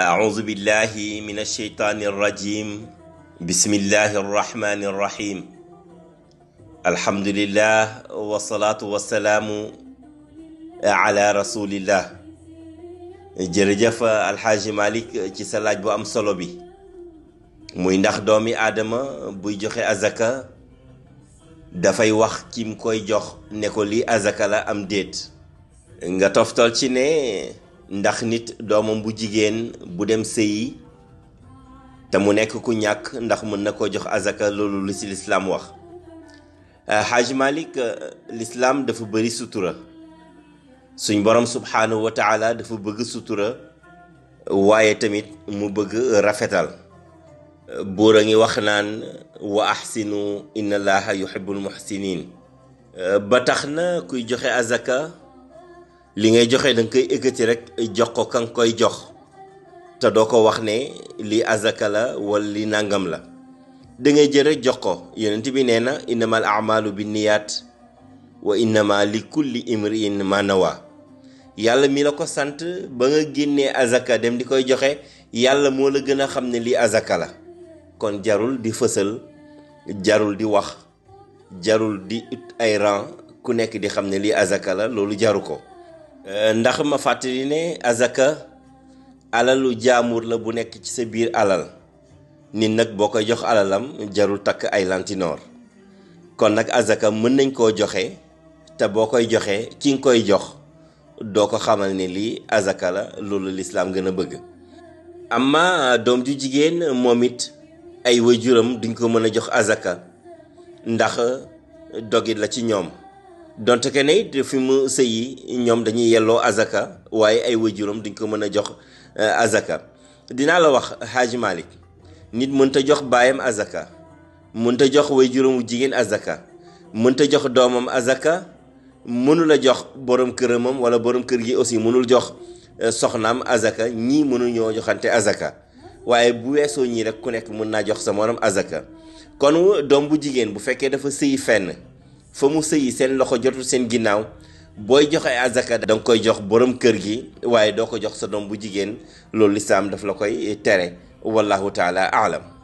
أعوذ بالله من الشيطان الرجيم بسم الله الرحمن الرحيم الحمد لله والصلاة والسلام على رسول الله jërëjëf alxaaji Malick ci sa bu am solo bi muy ndax doomi aadama buy joxe azaka dafay wax kim koy jox ne ko lii azaka la am déet nga toftal ci ne ndax nit doomam bu jigéen bu dem sëyi te mu nekk ku ñàkk ndax mën na koo jox azaka loolu lu ci lislaam wax xaaji euh, malik euh, lislaam dafa bari sutura suñ borom subhaanahu wa taala dafa bëgg sutura waaye tamit mu bëgg rafetal buur a ngi wax naan wa ahsinu inna allaha yuhibbul muhsinin euh, ba tax na kuy joxe azaka li ngay joxe danga nga koy ëggati rek jox ko ka nga koy jox te doo ko wax ne lii azaka la wala li nàngam la dangay ngay rek jox ko yonent bi nee na innamal amalu bi niyaat wa innama li kulli imriin ma yàlla mi la ko sant ba nga génnee azaka dem di koy joxe yàlla moo la gën a xam ne lii azaka la kon jarul di fësal jarul di wax jarul di ut ay ran ku nekk di xam ne lii azaka la loolu jaru ko Euh, ndax ma fàttali ne azaka alalu jaamur la bu nekk ci sa biir alal nit nag boo koy jox alalam jarul takk ay lantinoor kon nag azaka mën nañ koo joxe te boo koy joxe ki nga koy jox doo ko xamal ni lii azaka la loolu lislaam gën a bëgg amma doom ju jigéen moom it ay waajuram duñ ko mën a jox azaka ndax dogit la ci ñoom donte que ne fi mu sëyi ñoom dañuy yelloo azaka waaye ay waajuram duñ ko mën a jox euh, azaka dinaa la wax Hadj Malick nit mënta jox baayam azaka mënta jox waajuram wu jigéen azaka mënta jox doomam azaka mënul a jox borom këramam wala borom kër gi aussi mënul jox euh, soxnaam azaka ñii mënul ñoo joxante azaka waaye bu weesoo ñii rek ku nekk mën naa jox sa morom azaka kon doom bu jigéen bu fekkee dafa sëyi fenn fa mu sëyi seen loxo jotul seen ginnaaw booy joxe azaka da nga koy jox borom kër gi waaye doo ko jox sa doom bu jigéen loolu lislaam daf la koy tere wallahu taala aalam